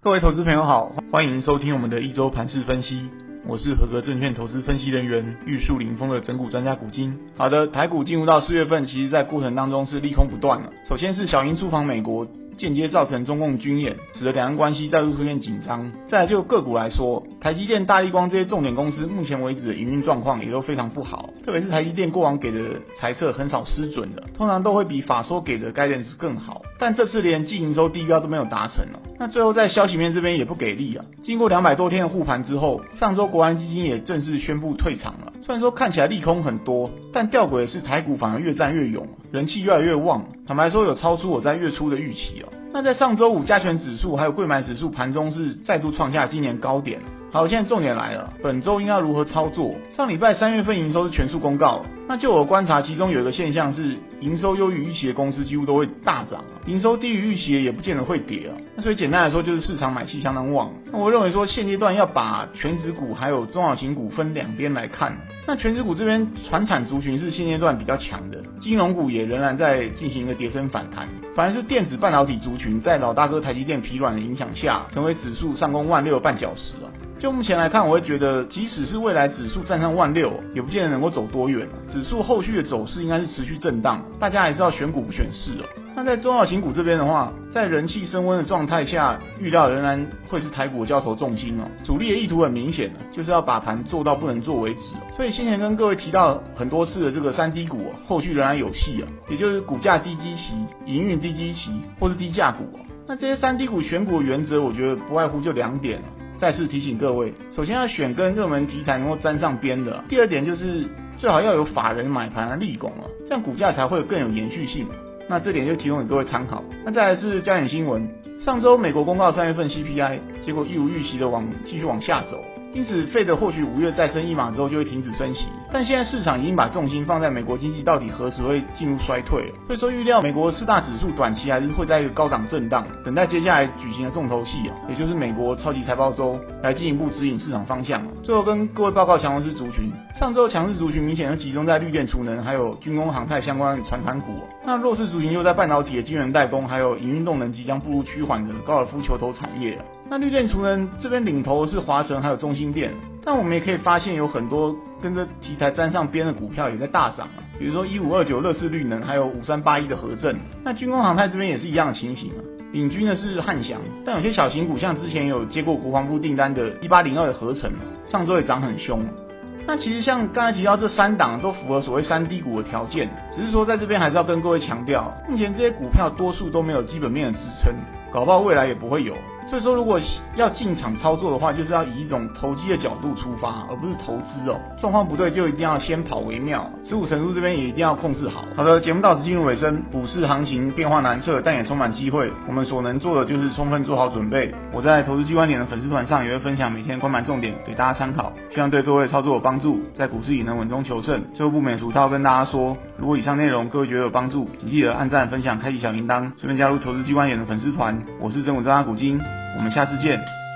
各位投資朋友好，歡迎收聽我們的一周盤勢分析。我是合格證券投資分析人員玉樹臨風的拯股專家股晶。好的，台股進入到四月份，其實在過程當中是利空不斷了。首先是小英出訪美國。間接造成中共軍演，使得兩岸關係再度出現緊張。再來就個股來說，台積電、大立光這些重點公司，目前為止的營運狀況也都非常不好。特別是台積電過往給的財測很少失準的，通常都會比法說給的 guidance 更好，但這次連季營收低標都沒有達成了。那最後在消息面這邊也不給力啊。經過兩百多天的護盤之後，上周國安基金也正式宣布退場了。雖然說看起來利空很多，但吊詭的是台股反而越戰越勇。人氣越來越旺，坦白說有超出我在月初的預期哦、喔。那在上周五，加權指數還有櫃買指數盤中是再度創下今年高點。好，現在重點來了，本周應該要如何操作？上禮拜三月份營收是全數公告，那就我觀察，其中有一個現象是，營收優於預期的公司幾乎都會大漲，營收低於預期的也不見得會跌啊。那所以簡單來說，就是市場買氣相當旺。那我認為說，現階段要把權值股還有中小型股分兩邊來看，那權值股這邊，傳產族群是現階段比較強的，金融股也仍然在進行一個跌升反彈，反而是電子半導體族群在老大哥台積電疲軟的影響下，成為指數上攻萬六的絆腳石啊。就目前來看，我會覺得，即使是未來指數站上萬六，也不見得能夠走多遠。指數後續的走勢應該是持續震蕩，大家還是要選股不選市哦。那在中小型股這邊的話，在人氣升溫的狀態下，預料仍然會是台股的交投重心哦。主力的意圖很明顯，就是要把盤做到不能做為止。所以先前跟各位提到很多次的這個三低股後續仍然有戲啊，也就是股價低基期、營運低基期，或是低價股。那這些三低股選股的原則，我覺得不外乎就兩點。再次提醒各位，首先要選跟熱門題材能夠沾上邊的。第二點就是最好要有法人買盤來立功啊，這樣股價才會有更有延續性。那這點就提供給各位參考。那再來是焦點新聞，上周美國公告三月份 CPI，結果一如預期的往繼續往下走。因此，費德或許五月再升一碼之後就會停止升息，但現在市場已經把重心放在美國經濟到底何時會進入衰退了。所以說，預料美國四大指數短期還是會在一個高檔震盪，等待接下來舉行的重頭戲啊，也就是美國超級財報週，來進一步指引市場方向。最後跟各位報告強勢族群，上週強勢族群明顯要集中在綠電儲能，還有軍工航太相關傳盤股。那弱勢族群又在半導體的晶圓代工，還有營運動能即將步入趨緩的高爾夫球頭產業那綠電儲能這邊領頭的是華城，還有中興電，但我們也可以發現，有很多跟着題材沾上邊的股票也在大漲，比如說一五二九樂士綠能，還有五三八一的合正。那軍工航太這邊也是一樣的情形，領軍的是漢翔，但有些小型股，像之前有接過國防部訂單的，一八零二的合成，上周也漲很凶。那其實像剛才提到這三檔，都符合所謂三低股的條件，只是說在這邊還是要跟各位強調，目前這些股票多數都沒有基本面的支撐，搞不好未來也不會有。所以說，如果要進場操作的話，就是要以一種投機的角度出發，而不是投資哦。狀況不對，就一定要先跑為妙。持股成數這邊也一定要控制好。好的，節目到此進入尾聲。股市行情變化難測，但也充滿機會。我們所能做的就是充分做好準備。我在投資 G 觀點的粉絲團上也會分享每天觀盤重點給大家參考，希望對各位的操作有幫助，在股市也能穩中求勝。最後不免俗套，跟大家說，如果以上內容各位覺得有幫助，請記得按讚、分享、開啟小鈴鐺，順便加入投資 G 觀點的粉絲團。我是拯股專家股晶。我們下次見。